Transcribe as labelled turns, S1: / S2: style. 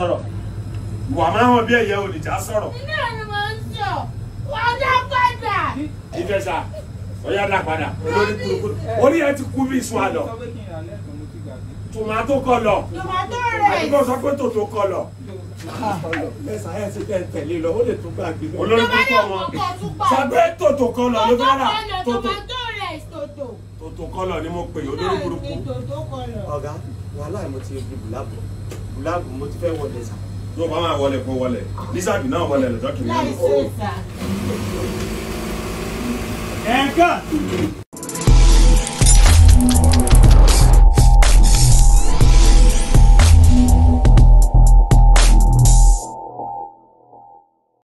S1: sọ̀rọ̀ wà máa hàn bí ẹ̀yẹ olùjà sọ̀rọ̀.
S2: iná ni mo ń sọ wà á dá padà.
S1: ìjẹsà ọyá dá padà olórí
S2: kúrúkúrú orí
S1: ẹ ti kú bí iṣu àlọ tòmátò kọlọ àdúgbò sọ pé tòtò
S3: kọlọ mẹsàn án ti tẹ tẹlé lọ ó lè tún gbàgbé lọ. olórí kúrúkú ọmọ sàgbé tòtò kọlọ ló fẹ́ rà tòtò tòtò kọlọ ni mo pè
S4: olórí
S2: kúrúkú ọ̀gá wàhálà
S3: mo ti bùbù lábọ̀ láàbù mo ti fẹ́
S4: wọlé sà. tó o bá máa wọlé kó wọlé lísàbì náà wọlé lọ́jọ́ kìnìún.
S3: ẹ̀ka